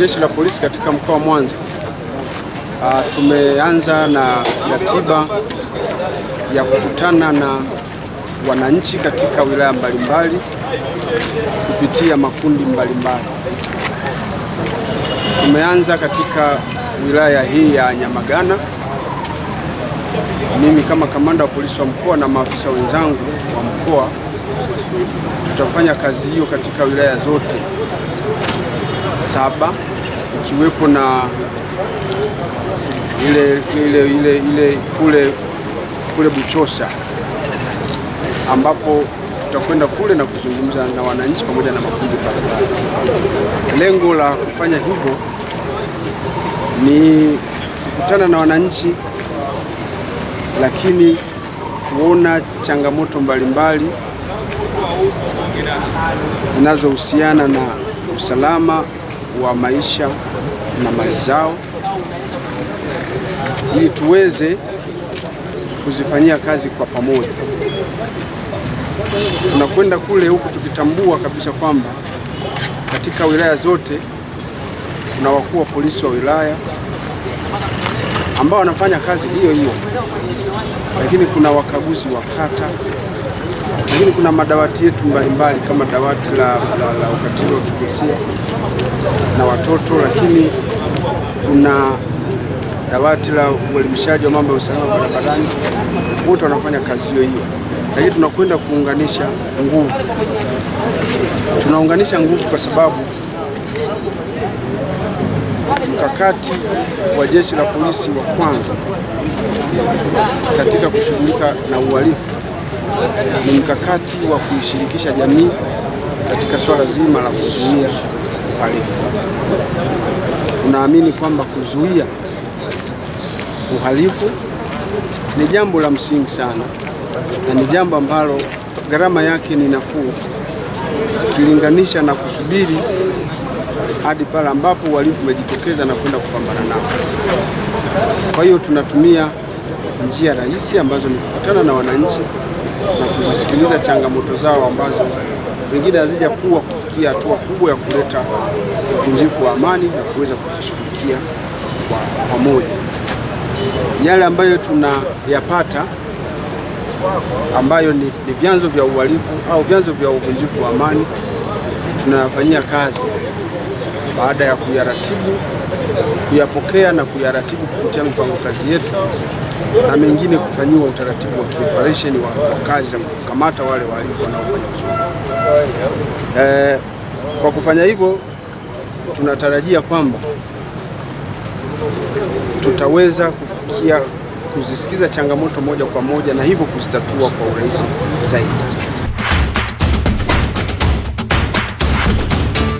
Jeshi la Polisi katika mkoa wa Mwanza uh, tumeanza na ratiba ya kukutana na wananchi katika wilaya mbalimbali kupitia makundi mbalimbali. Tumeanza katika wilaya hii ya Nyamagana, mimi kama kamanda wa polisi wa mkoa na maafisa wenzangu wa mkoa tutafanya kazi hiyo katika wilaya zote saba ikiwepo na ile, ile, ile, ile kule, kule Buchosa ambapo tutakwenda kule na kuzungumza na wananchi pamoja na makundi mbalimbali. Lengo la kufanya hivyo ni kukutana na wananchi, lakini kuona changamoto mbalimbali zinazohusiana na usalama wa maisha na mali zao ili tuweze kuzifanyia kazi kwa pamoja. Tunakwenda kule huku tukitambua kabisa kwamba katika wilaya zote kuna wakuu wa polisi wa wilaya ambao wanafanya kazi hiyo hiyo, lakini kuna wakaguzi wa kata, lakini kuna madawati yetu mbalimbali kama dawati la, la, la ukatili wa kijinsia na watoto, lakini kuna dawati la uelimishaji wa mambo ya usalama barabarani, wote wanafanya kazi hiyo hiyo, lakini tunakwenda kuunganisha nguvu. Tunaunganisha nguvu kwa sababu mkakati wa jeshi la polisi wa kwanza katika kushughulika na uhalifu ni mkakati wa kuishirikisha jamii katika swala zima la kuzuia uhalifu. Tunaamini kwamba kuzuia uhalifu ni jambo la msingi sana na ni jambo ambalo gharama yake ni nafuu ukilinganisha na kusubiri hadi pale ambapo uhalifu umejitokeza na kwenda kupambana nao. Kwa hiyo tunatumia njia rahisi ambazo ni kukutana na wananchi na kuzisikiliza changamoto zao ambazo pengine hazijakuwa kufikia hatua kubwa ya kuleta uvunjifu wa amani na kuweza kuzishughulikia kwa pamoja. Yale ambayo tunayapata ambayo ni, ni vyanzo vya uhalifu au vyanzo vya uvunjifu wa amani tunayafanyia kazi baada ya kuyaratibu, kuyapokea na kuyaratibu kupitia mipango kazi yetu, na mengine kufanyiwa utaratibu wa kioperesheni wa, wa kazi za kukamata wale wahalifu wanaofanya usugu. Eh, kwa kufanya hivyo tunatarajia kwamba tutaweza kufikia kuzisikiza changamoto moja kwa moja na hivyo kuzitatua kwa urahisi zaidi.